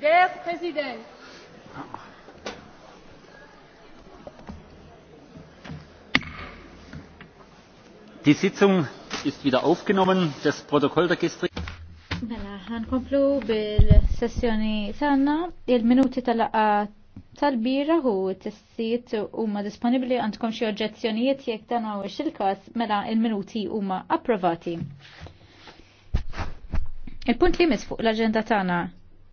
Der Präsident. Die Sitzung ist wieder aufgenommen. Das Protokoll der gestrigen. Mela, ħankomplu bil-sessjoni tagħna, il-minuti tal-laqa tal-bira hu t-tessijiet huma disponibbli għandkom xie oġezzjonijiet jek dan għawiex il-każ mela il-minuti u ma approvati. Il-punt li mis fuq l-agenda tagħna